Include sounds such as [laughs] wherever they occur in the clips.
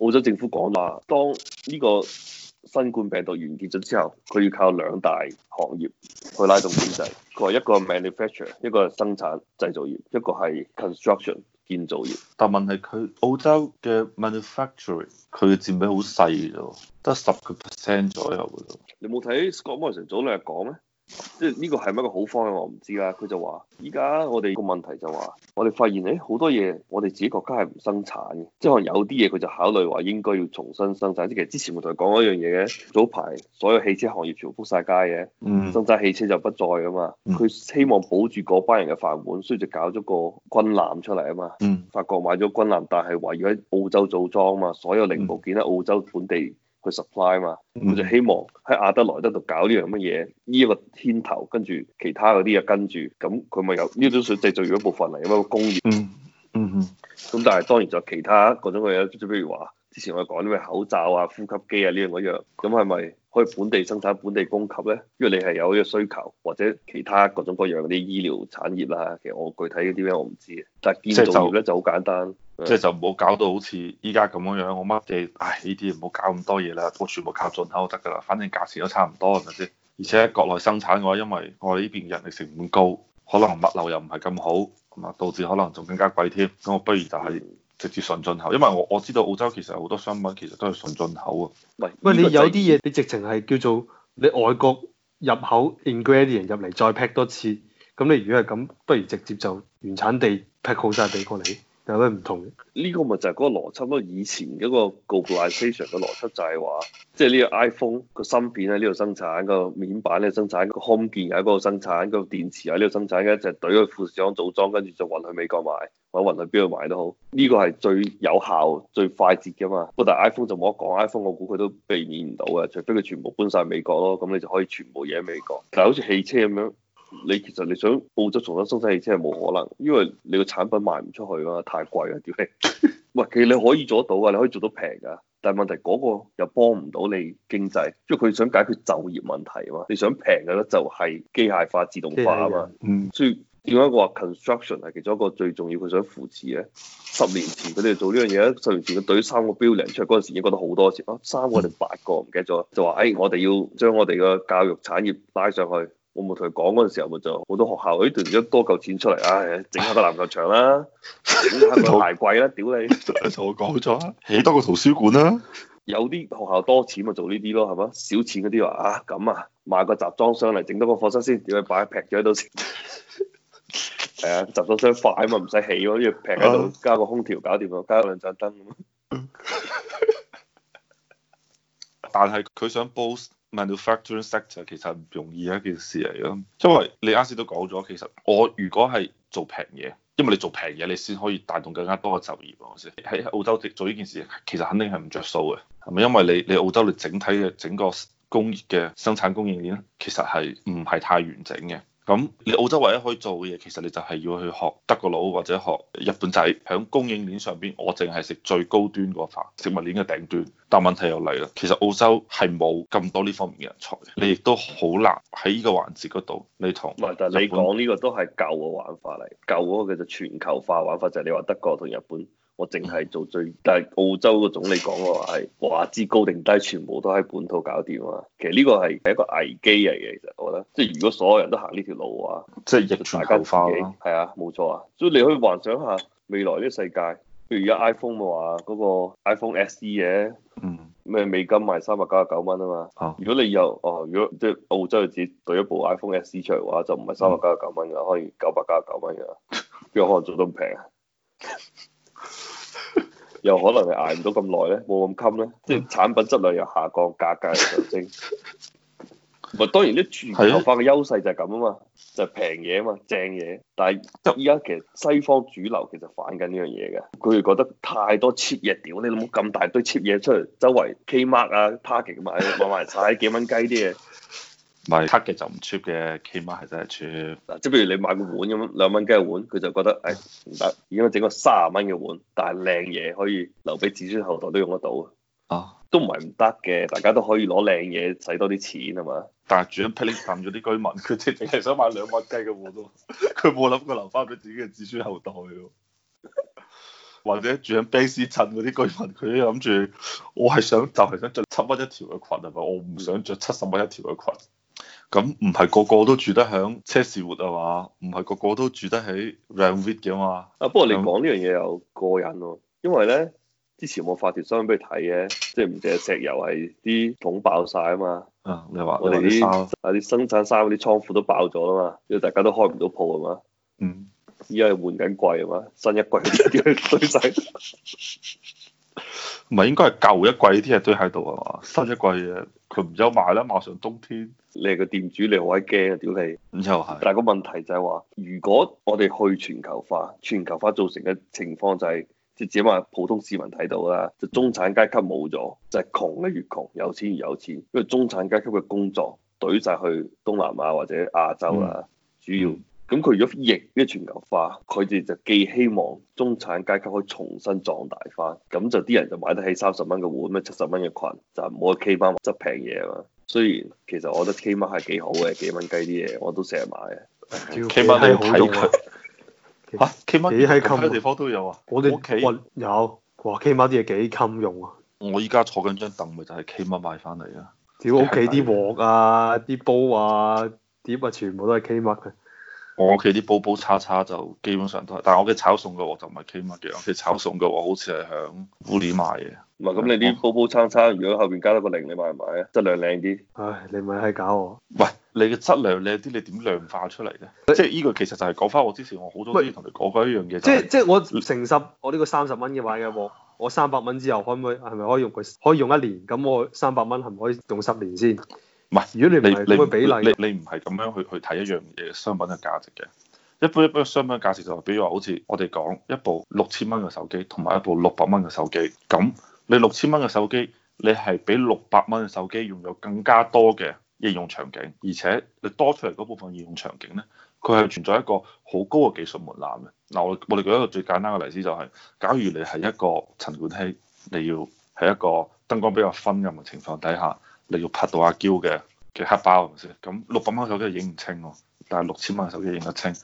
澳洲政府講話，當呢個新冠病毒完結咗之後，佢要靠兩大行業去拉動經濟。佢話一個係 manufacture，一個係生產製造業，一個係 construction 建造業。但係問題佢澳洲嘅 manufacturing 佢嘅佔比好細嘅喎，得十個 percent 左右嘅喎。你冇睇 Scott Morrison 早兩日講咩？即係呢個係咪一個好方嘅我唔知啦。佢就話：而家我哋個問題就話，我哋發現誒好多嘢，我哋自己國家係唔生產嘅。即係可能有啲嘢佢就考慮話應該要重新生產。即其實之前我同佢講一樣嘢嘅，早排所有汽車行業全部覆曬街嘅，生產汽車就不再啊嘛。佢希望保住嗰班人嘅飯碗，所以就搞咗個軍艦出嚟啊嘛。法國買咗軍艦，但係話要喺澳洲組裝啊嘛，所有零部件喺澳洲本地。佢 supply 嘛，佢就希望喺亞德萊德度搞呢樣乜嘢，呢、嗯？一個牽頭，跟住其他嗰啲啊跟住，咁佢咪有呢種水製造咗一部分嚟，啊，有個工業。嗯嗯哼，咁但係當然就其他各種嘅嘢，即係譬如話。之前我哋講啲咩口罩啊、呼吸機啊呢樣嗰樣，咁係咪可以本地生產、本地供給咧？因為你係有呢個需求，或者其他各種各樣啲醫療產業啦、啊。其實我具體嗰啲咩我唔知，但係建造業咧就好簡單，即係就唔好搞到好似依家咁樣樣，我乜嘢唉呢啲唔好搞咁多嘢啦，我全部靠進口得㗎啦。反正價錢都差唔多係咪先？而且國內生產嘅話，因為我哋呢邊人力成本高，可能物流又唔係咁好，咁啊導致可能仲更加貴添。咁我不如就係、是。直接純進口，因為我我知道澳洲其實好多商品其實都係純進口啊。喂，你有啲嘢你直情係叫做你外國入口 ingredient 入嚟再 pack 多次，咁你如果係咁，不如直接就原產地 pack 好晒俾過你。有啲唔同，呢個咪就係嗰個邏輯咯。以前嗰個 globalization 嘅邏輯就係話，即係呢個 iPhone 個芯片喺呢度生產，個面板咧生產，個 home 鍵喺嗰度生產，個電池喺呢度生產，跟住就攤去富士康組裝，跟住就運去美國賣，或者運去邊度賣都好。呢、呢個係最有效、最快捷㗎嘛。不過但係 iPhone 就冇得講，iPhone 我估佢都避免唔到嘅，除非佢全部搬晒美國咯，咁你就可以全部嘢喺美國。但係好似汽車咁樣。你其實你想澳洲重新生產汽車係冇可能，因為你個產品賣唔出去㗎嘛，太貴啊屌！喂， [laughs] 其實你可以做得到㗎，你可以做到平㗎，但係問題嗰個又幫唔到你經濟，即係佢想解決就業問題啊嘛。你想平嘅咧，就係機械化、自動化啊嘛。嗯。所以點解我話 construction 係其中一個最重要佢想扶持嘅？十年前佢哋做呢樣嘢，十年前佢對三個 building 出嚟嗰陣時已經覺得好多錢，啊三個定八個唔記得咗，就話誒、哎、我哋要將我哋嘅教育產業拉上去。我咪同佢講，嗰陣時候咪就好多學校，呢段時間多嚿錢出嚟，唉、啊，整下個籃球場啦、啊，整下個鞋櫃啦，屌你，同 [laughs] 我講咗錯，起多個圖書館啦、啊。有啲學校多錢咪做呢啲咯，係咪？少錢嗰啲話啊咁啊，買個集裝箱嚟整多個課室先，點樣擺劈咗喺度先。係 [laughs] 啊，集裝箱快啊嘛，唔使起咯，要劈喺度加個空調搞掂，加兩盞燈咁。 [laughs] 但係佢想報。manufacturing sector 其實唔容易一件事嚟㗎，因為你啱先都講咗，其實我如果係做平嘢，因為你做平嘢你先可以帶動更加多嘅就業。我先喺澳洲做呢件事，其實肯定係唔着數嘅，係咪因為你你澳洲你整體嘅整個工業嘅生產供應鏈其實係唔係太完整嘅？咁你澳洲唯一可以做嘅嘢，其實你就係要去學德國佬或者學日本仔，喺供應鏈上邊，我淨係食最高端嗰塊，食物鏈嘅頂端。但問題又嚟啦，其實澳洲係冇咁多呢方面嘅人才，你亦都好難喺呢個環節嗰度，你同你講呢個都係舊嘅玩法嚟，舊嗰個叫做全球化玩法，就係你話德國同日本。我淨係做最，但係澳洲個總理講話係話之高定低，全部都喺本土搞掂啊！其實呢個係係一個危機嚟嘅，其實我覺得，即係如果所有人都行呢條路嘅話，即係逆全球化咯。係啊，冇錯啊。所以你可以幻想下未來呢個世界，譬如而家 iPhone 嘅話，嗰、嗰個 iPhone SE 嘅，嗯，咩美金賣三百九十九蚊啊嘛。啊如果你又，哦，如果即係澳洲自己對一部 iPhone SE 出嚟嘅話，就唔係三百九十九蚊噶，可以九百九十九蚊噶，邊個可能做得咁平啊？ [laughs] 又可能係捱唔到咁耐咧，冇咁襟咧，即係產品質量又下降，價格又上升。唔係 [laughs] 當然啲全球化嘅優勢就係咁啊嘛，就係平嘢啊嘛，正嘢。但係即係依家其實西方主流其實反緊呢樣嘢嘅，佢哋覺得太多 cheap 嘢，屌你老母咁大堆 cheap 嘢出嚟，周圍 K mark 啊，parking 啊，買買埋踩幾蚊雞啲嘢。唔係 c 嘅就唔 cheap 嘅，起碼係真係 cheap。嗱，即係譬如你買個碗咁樣，兩蚊雞嘅碗，佢就覺得誒唔得，如果整個卅蚊嘅碗，但係靚嘢可以留俾子孫後代都用得到。啊，都唔係唔得嘅，大家都可以攞靚嘢使多啲錢啊嘛？但係住喺 Peninsula 嗰啲居民，佢哋淨係想買兩蚊雞嘅碗咯，佢冇諗過留翻俾自己嘅子孫後代喎。 [laughs] 或者住喺 Basin 嗰啲居民，佢都諗住我係想就係想着七蚊、就是、一條嘅裙係咪？我唔想着七十蚊一條嘅裙。咁唔係個個都住得響車士活啊嘛，唔係個個都住得起 round w i d 嘅嘛。啊，不過你講呢樣嘢又過癮喎，因為咧之前我發條新聞俾你睇嘅，即係唔淨係石油係啲桶爆晒啊嘛。你話我哋啲啊啲生產衫嗰啲倉庫都爆咗啦嘛，因為大家都開唔到鋪啊嘛。嗯，依家係換緊季啊嘛，新一季啲嘢堆晒，唔係 [laughs] 應該係舊一季啲嘢堆喺度啊嘛，新一季嘅，佢唔憂賣啦，馬上冬，冬天。你係個店主，你好鬼驚啊！屌你，咁又係。但係個問題就係話，如果我哋去全球化，全球化造成嘅情況就係、是，即係只嘛普通市民睇到啦，就中產階級冇咗，就係、是、窮嘅越窮，有錢越有錢，因為中產階級嘅工作對晒去東南亞或者亞洲啦，嗯、主要。咁佢如果逆嘅全球化，佢哋就寄希望中產階級可以重新壯大翻，咁就啲人就買得起三十蚊嘅碗，咩七十蚊嘅裙，就唔好去 K 班執平嘢啊嘛。雖然其實我覺得 Kmart 係幾好嘅，幾蚊雞啲嘢我都成日買嘅。Kmart 係好用啊！嚇，Kmart 幾喺襟？好多地方都有啊，我哋屋企有，哇，Kmart 啲嘢幾襟用啊！我依家坐緊張凳咪就係 Kmart 買翻嚟啊！屌，屋企啲鑊啊、啲煲啊、碟啊，全部都係 Kmart 嘅。我屋企啲煲煲叉叉叉就基本上都係，但係我嘅炒餸嘅鑊就唔係 Kmart 嘅，我嘅炒餸嘅鑊好似係響烏尼賣嘅。唔係，咁你啲煲煲叉叉叉如果後邊加多個零，你買唔買啊？質量靚啲。唉，你咪係搞我。喂，你嘅質量靚啲，你點量化出嚟咧？你即係呢個其實就係講翻我之前我好多都要同你講過一樣嘢。即係即係我成十，我呢個三十蚊嘅話嘅，我三百蚊之後可唔可以係咪可以用佢可以用一年？咁我三百蚊係咪可以用十年先？唔係，如果你你會比例你你你唔係咁樣去去睇一樣嘢商品嘅價值嘅，一般一般商品價值就係比如話，好似我哋講一部六千蚊嘅手機同埋一部六百蚊嘅手機，咁你六千蚊嘅手機，你係比六百蚊嘅手機擁有更加多嘅應用場景，而且你多出嚟嗰部分應用場景咧，佢係存在一個好高嘅技術門檻嘅。嗱，我我哋舉一個最簡單嘅例子就係，假如你係一個陳冠希，你要喺一個燈光比較昏暗嘅情況底下。你要拍到阿嬌嘅嘅黑包係咪先？咁六百蚊手機影唔清喎，但係六千蚊嘅手機影得清。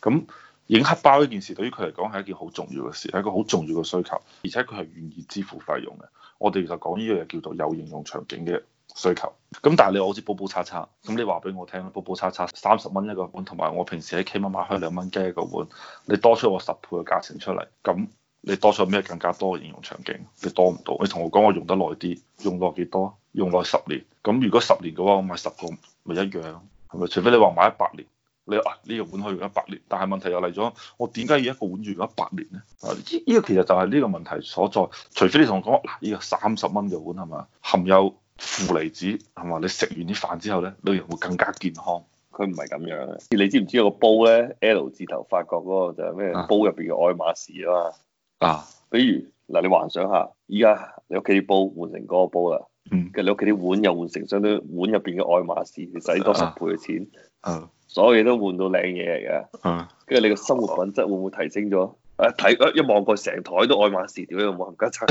咁影黑包呢件事對於佢嚟講係一件好重要嘅事，係一個好重要嘅需求，而且佢係願意支付費用嘅。我哋其實講呢樣嘢叫做有應用場景嘅需求。咁但係你話好似寶寶叉叉咁，你話俾我聽啦，寶寶叉叉三十蚊一個碗，同埋我平時喺 K 媽買開兩蚊雞一個碗，你多出我十倍嘅價錢出嚟，咁你多出咩更加多嘅應用場景？你多唔到？你同我講我用得耐啲，用到幾多？用耐十年，咁如果十年嘅話，我買十個咪一樣，係咪？除非你話買一百年，你啊呢、呢個碗可以用一百年，但係問題又嚟咗，我點解要一個碗用咗一百年咧？呢依個其實就係呢個問題所在。除非你同我講，嗱、啊，呢、啊、個三十蚊嘅碗係嘛，含有負離子係嘛？你食完啲飯之後咧，你會更加健康。佢唔係咁樣嘅。你知唔知有個煲咧？L 字頭法國嗰個就係咩？啊、煲入邊嘅愛馬仕啊嘛。啊！比如嗱，你幻想下，依家你屋企嘅煲換成嗰個煲啦。嗯，跟住你屋企啲碗又換成相對碗入邊嘅愛馬仕，你使多十倍嘅錢，嗯，所有嘢都換到靚嘢嚟噶，嗯，跟住你嘅生活品質會唔會提升咗？誒，睇，一望過成台都愛馬仕，屌解又冇冚家鏟？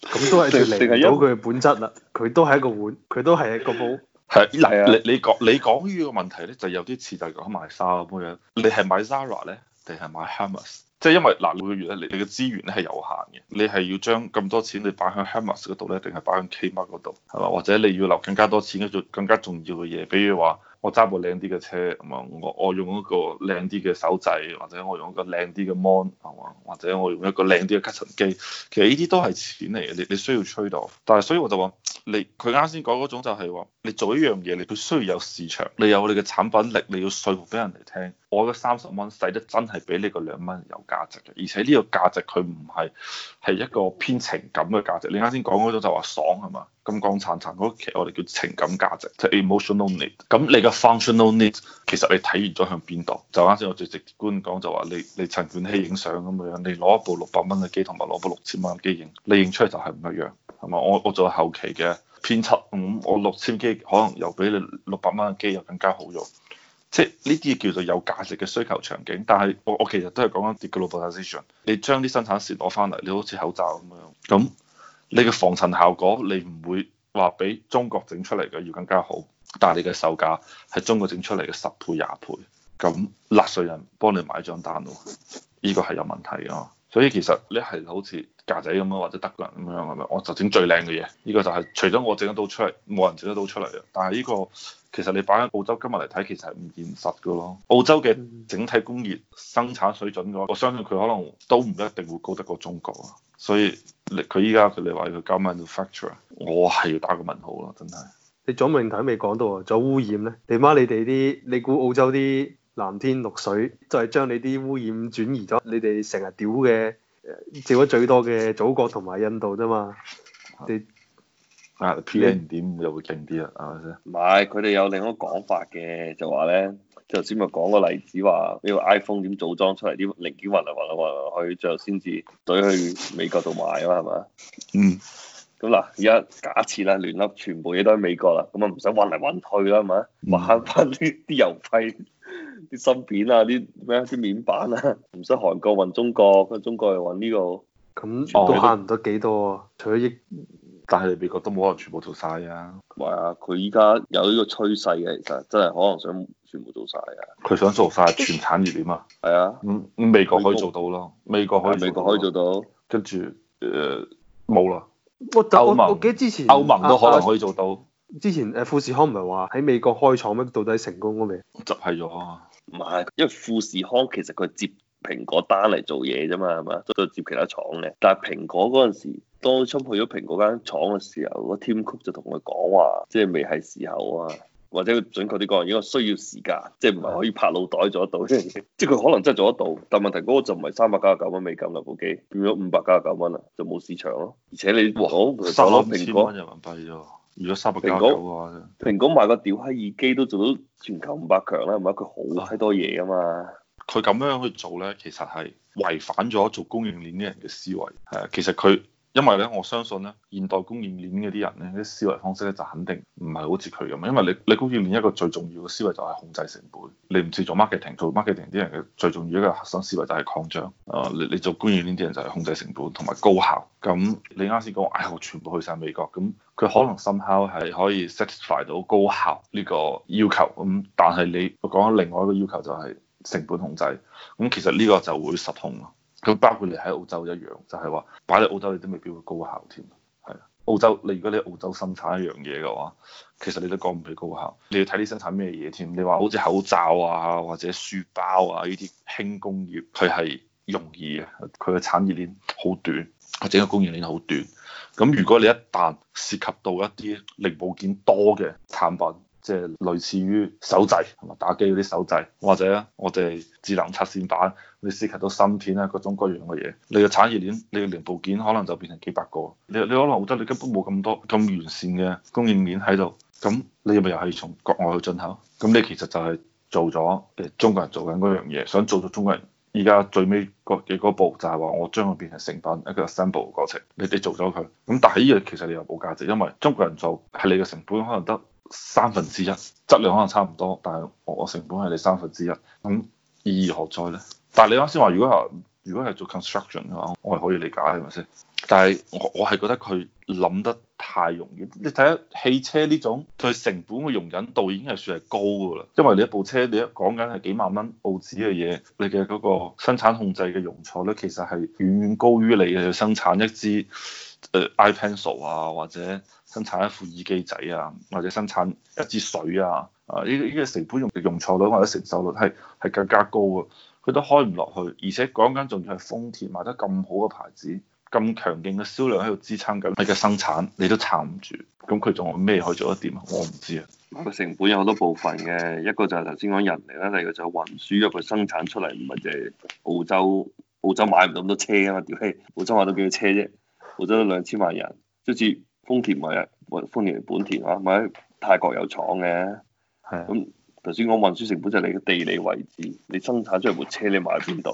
咁都係定嚟有佢嘅本質啦，佢都係一個碗，佢都係一個煲，係，嗱，你你講你講呢個問題咧，就有啲似，就係講買衫咁樣，你係買 Zara 咧？定係買 Hermes，即係因為嗱每個月咧，你你嘅資源咧係有限嘅，你係要將咁多錢你擺喺 Hermes 嗰度咧，定係擺喺 Kmart 嗰度，係嘛？或者你要留更加多錢去做更加重要嘅嘢，比如話我揸部靚啲嘅車，咁啊我我用一個靚啲嘅手掣，或者我用一個靚啲嘅 Mon，係嘛？或者我用一個靚啲嘅吸塵機，其實呢啲都係錢嚟嘅，你你需要 Trade Off。但係所以我就話你佢啱先講嗰種就係話你做一樣嘢，你佢需要有市場，你有你嘅產品力，你要説服俾人哋聽。我嘅三十蚊使得真係比呢個兩蚊有價值嘅，而且呢個價值佢唔係係一個偏情感嘅價值。你啱先講嗰種就話爽係嘛，金光燦燦嗰個，其實我哋叫情感價值，即係 emotional need。咁你嘅 functional need 其實你睇完咗向邊度？就啱先我最直觀講就話，你你陳冠希影相咁樣，你攞一部六百蚊嘅機同埋攞部六千蚊嘅機影，你影出嚟就係唔一樣係嘛？我我做後期嘅編輯咁，我六千機可能又比你六百蚊嘅機又更加好用。即係呢啲叫做有價值嘅需求場景，但係我我其實都係講緊 deglobalization。你將啲生產線攞翻嚟，你好似口罩咁樣。咁你嘅防塵效果你唔會話比中國整出嚟嘅要更加好，但係你嘅售價係中國整出嚟嘅十倍廿倍。咁納稅人幫你買張單喎，呢個係有問題嘅。所以其實你係好似格仔咁樣或者德國人咁樣係咪？我就整最靚嘅嘢，呢個就係除咗我整得到出嚟，冇人整得到出嚟嘅。但係呢個其實你擺喺澳洲今日嚟睇，其實係唔現實噶咯。澳洲嘅整體工業生產水準嘅話，我相信佢可能都唔一定會高得過中國。所以你佢依家佢你話佢加 manufacture，我係要打個問號咯，真係。你仲命問題未講到啊？仲有污染咧？你媽你哋啲，你估澳洲啲藍天綠水，就係、是、將你啲污染轉移咗？你哋成日屌嘅，照得最多嘅祖國同埋印度啫嘛？你。 [laughs] 啊，P N 點五就會勁啲啦，係咪先？唔係，佢哋有另一個講法嘅，就話咧，就先咪講個例子話，呢、這個 iPhone 點組裝出嚟，啲零件運嚟運嚟運去，最後先至懟去美國度賣啊嘛，係嘛？嗯。咁嗱，而家假設啦，亂粒全部嘢都喺美國啦，咁啊唔使運嚟運去啦，係嘛？慳翻啲啲郵費，啲芯片啊，啲咩啲面板啊，唔使韓國運中國，咁啊中國又運呢個，咁、嗯、都慳唔得幾多啊？除咗億。但係你美國都冇可能全部做晒啊！係啊，佢依家有呢個趨勢嘅，其實真係可能想全部做晒啊！佢想做晒全產業鏈啊？係啊，嗯，美國可以做到咯，美國可以美國可以做到。做到，跟住誒，冇啦。我我盟我記得之前歐盟都可能可以做到。啊啊、之前誒富士康唔係話喺美國開廠咩？到底成功咗未？就係咗，唔係，因為富士康其實佢接蘋果單嚟做嘢啫嘛，係嘛？都接其他廠嘅，但係蘋果嗰陣時，當初去咗蘋果間廠嘅時候，個 Tim Cook 就同佢講話，即係未係時候啊，或者準確啲講，如果需要時間，即係唔係可以拍腦袋做得到， [laughs] 即係佢可能真係做得到，但係問題嗰個就唔係三百九十九蚊美金嗰部、那個、機，變咗五百九十九蚊啦，就冇市場咯。而且你哇，蘋果三人民幣如果，蘋果賣個屌閪耳機都做到全球五百強啦，係嘛？佢好閪多嘢啊嘛。佢咁樣去做咧，其實係違反咗做供應鏈啲人嘅思維。係、啊、其實佢因為咧，我相信咧，現代供應鏈嗰啲人咧啲思維方式咧就肯定唔係好似佢咁啊。因為你你供應鏈一個最重要嘅思維就係控制成本。你唔似做 marketing 做 marketing 啲人嘅最重要一個核心思維就係擴張啊。你你做供應鏈啲人就係控制成本同埋高效。咁你啱先講，哎呀，全部去晒美國咁，佢可能 somehow 係可以 satisfy 到高效呢個要求咁，但係你講另外一個要求就係、是。成本控制，咁其實呢個就會失控咯。咁包括你喺澳洲一樣，就係話擺喺澳洲你都未必會高效添。係澳洲，你如果你澳洲生產一樣嘢嘅話，其實你都講唔起高效。你要睇你生產咩嘢添。你話好似口罩啊，或者書包啊呢啲輕工業，佢係容易嘅，佢嘅產業鏈好短，整個供應鏈好短。咁如果你一旦涉及到一啲零部件多嘅產品，即係類似於手掣同埋打機嗰啲手掣，或者我哋智能插線板，你涉及到芯片啊、各種各樣嘅嘢，你嘅產業鏈，你嘅零部件可能就變成幾百個，你你可能覺得你根本冇咁多咁完善嘅供應鏈喺度，咁你咪又係從國外去進口，咁你其實就係做咗誒中國人做緊嗰樣嘢，想做咗中國人依家最尾個嘅嗰步就係、是、話我將佢變成成品一個 assemble 過程，你哋做咗佢，咁但係呢樣其實你又冇價值，因為中國人做係你嘅成本可能得。三分之一，質量可能差唔多，但係我我成本係你三分之一，咁意義何在咧？但係你啱先話，如果係如果係做 construction 嘅話，我係可以理解，係咪先？但係我我係覺得佢諗得太容易。你睇下汽車呢種，佢成本嘅容忍度已經係算係高㗎啦。因為你一部車，你一講緊係幾萬蚊報紙嘅嘢，你嘅嗰個生產控制嘅容錯率其實係遠遠高於你嘅生產一支誒 iPencil 啊，或者生產一副耳機仔啊，或者生產一支水啊。啊！呢呢個成本容容錯率或者承受率係係更加高㗎。佢都開唔落去，而且講緊仲要係豐田賣得咁好嘅牌子。咁強勁嘅銷量喺度支撐緊你嘅生產，你都撐唔住，咁佢仲有咩可以做得掂啊？我唔知啊。個成本有好多部分嘅，一個就係頭先講人嚟啦，第二個就係運輸入佢生產出嚟，唔係淨係澳洲澳洲買唔到咁多車啊嘛？屌嘿，澳洲買到幾多車啫，哎？澳洲都兩千萬人，即係好似豐田咪豐田、本田嚇，咪泰國有廠嘅，咁的。頭先講運輸成本就係你嘅地理位置，你生產出嚟部車你買喺邊度，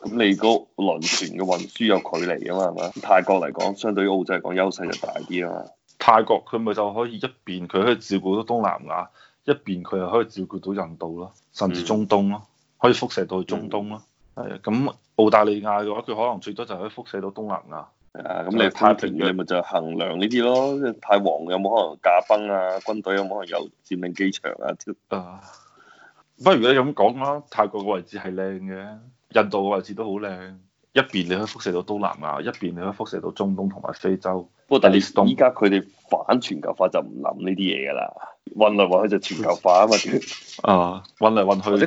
咁你嗰輪船嘅運輸有距離啊嘛，係咪？泰國嚟講，相對於澳洲嚟講，優勢就大啲啊嘛。泰國佢咪就可以一邊佢可以照顧到東南亞，一邊佢又可以照顧到印度咯，甚至中東咯，嗯、可以輻射到去中東咯。係啊、嗯，咁澳大利亞嘅話，佢可能最多就可以輻射到東南亞。係咁你判斷你咪就衡量呢啲咯，即係泰皇有冇可能駕崩啊？軍隊有冇可能有佔領機場啊？啊，不如果你咁講啦，泰國嘅位置係靚嘅，印度嘅位置都好靚，一邊你可以輻射到東南亞，一邊你可以輻射到中東同埋非洲。不過但係依家佢哋反全球化就唔諗呢啲嘢噶啦，運嚟運去就全球化啊嘛，啊，運嚟運去，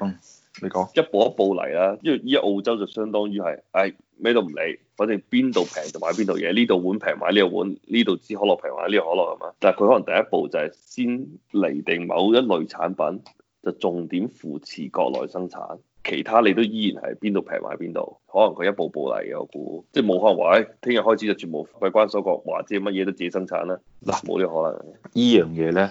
嗯、你講，一步一步嚟啦，因為依家澳洲就相當於係，係、哎、咩都唔理。反正邊度平就買邊度嘢，呢度碗平，買呢個碗，呢度支可樂平，買呢個可樂係咪？但係佢可能第一步就係先釐定某一類產品就重點扶持國內生產，其他你都依然係邊度平買邊度。可能佢一步步嚟嘅，我估，即係冇可能話，喂、哎，聽日開始就全部閉關鎖國，或者乜嘢都自己生產啦。嗱，冇呢個可能。呢樣嘢咧，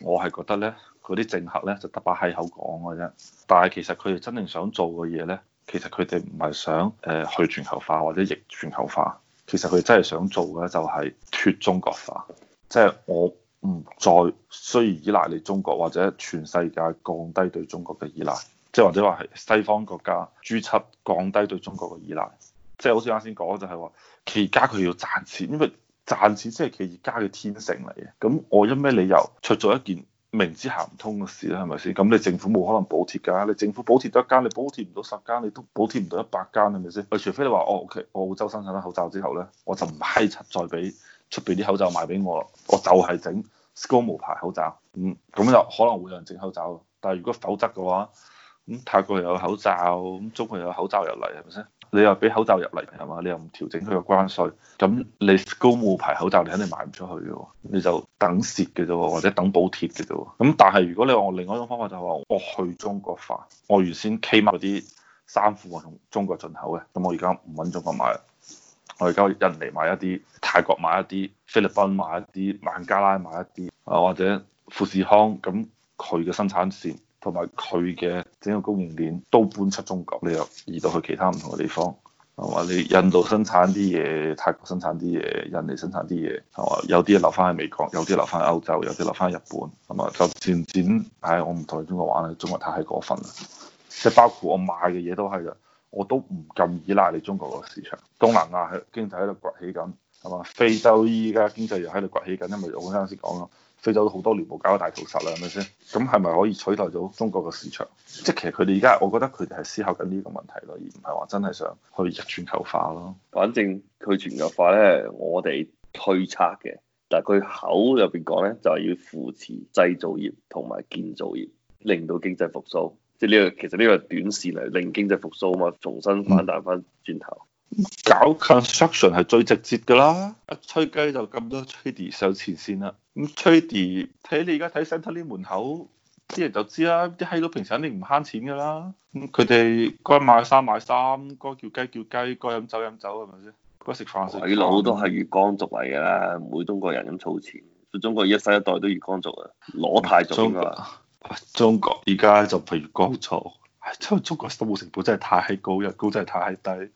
我係覺得咧，嗰啲政客咧就特把閪口講嘅啫。但係其實佢哋真正想做嘅嘢咧。其實佢哋唔係想誒去全球化或者逆全球化，其實佢真係想做嘅就係脫中國化，即係我唔再需要依賴你中國，或者全世界降低對中國嘅依賴，即係或者話係西方國家 G7 降低對中國嘅依賴，即係好似啱先講就係話企業家佢要賺錢，因為賺錢先係企業家嘅天性嚟嘅，咁我因咩理由出咗一件明知行唔通嘅事啦，係咪先？咁你政府冇可能補貼㗎，你政府補貼得一間，你補貼唔到十間，你都補貼唔到一百間，係咪先？除非你話我、哦 okay，澳洲生產得口罩之後呢，我就唔係再俾出邊啲口罩賣俾我啦，我就係整 s k u l 牌口罩，嗯，咁就可能會有人整口罩。但係如果否則嘅話，咁泰國又有口罩，咁中國又有口罩入嚟，係咪先？你又俾口罩入嚟係嘛？你又唔調整佢個關稅，咁你高護牌口罩你肯定賣唔出去嘅喎，你就等蝕嘅啫喎，或者等補貼嘅啫喎。咁但係如果你話我另外一種方法就係話我去中國化，我原先 K 買嗰啲衫褲我用中國進口嘅，咁我而家唔搵中國買。我而家印尼買一啲，泰國買一啲，菲律賓買一啲，孟加拉買一啲，啊或者富士康咁佢嘅生產線。同埋佢嘅整個供應鏈都搬出中國，你又移到去其他唔同嘅地方，係嘛？你印度生產啲嘢，泰國生產啲嘢，印尼生產啲嘢，係嘛？有啲留翻喺美國，有啲留翻喺歐洲，有啲留翻喺日本，係嘛？就漸漸，唉、哎，我唔同你中國玩啦，中國太閪過分啦，即係包括我買嘅嘢都係啦，我都唔咁依賴你中國個市場。東南亞係經濟喺度崛起緊，係嘛？非洲依家經濟又喺度崛起緊，因為我啱先講咯。非洲都好多年冇搞過大屠殺啦，係咪先？咁係咪可以取代咗中國嘅市場？即係其實佢哋而家，我覺得佢哋係思考緊呢個問題咯，而唔係話真係想去全球化咯。反正佢全球化咧，我哋推測嘅，但係佢口入邊講咧，就係要扶持製造業同埋建造業，令到經濟復甦。即係呢個其實呢個係短線嚟，令經濟復甦啊嘛，重新反彈翻轉頭。嗯搞 construction 係最直接噶啦，一吹雞就咁多 trady 上前線啦。咁 trady 睇你而家睇 Central 啲門口啲人就知啦，啲閪佬平時肯定唔慳錢噶啦。咁佢哋該買衫買衫，該叫雞叫雞，該飲酒飲酒，係咪先？該食飯。鬼佬都係月光族嚟噶啦，唔會中國人咁儲錢。中國一世一代都月光族啊，攞太重啊。中國而家就譬如江族，真係中國生活成本真係太高，人工真係太低。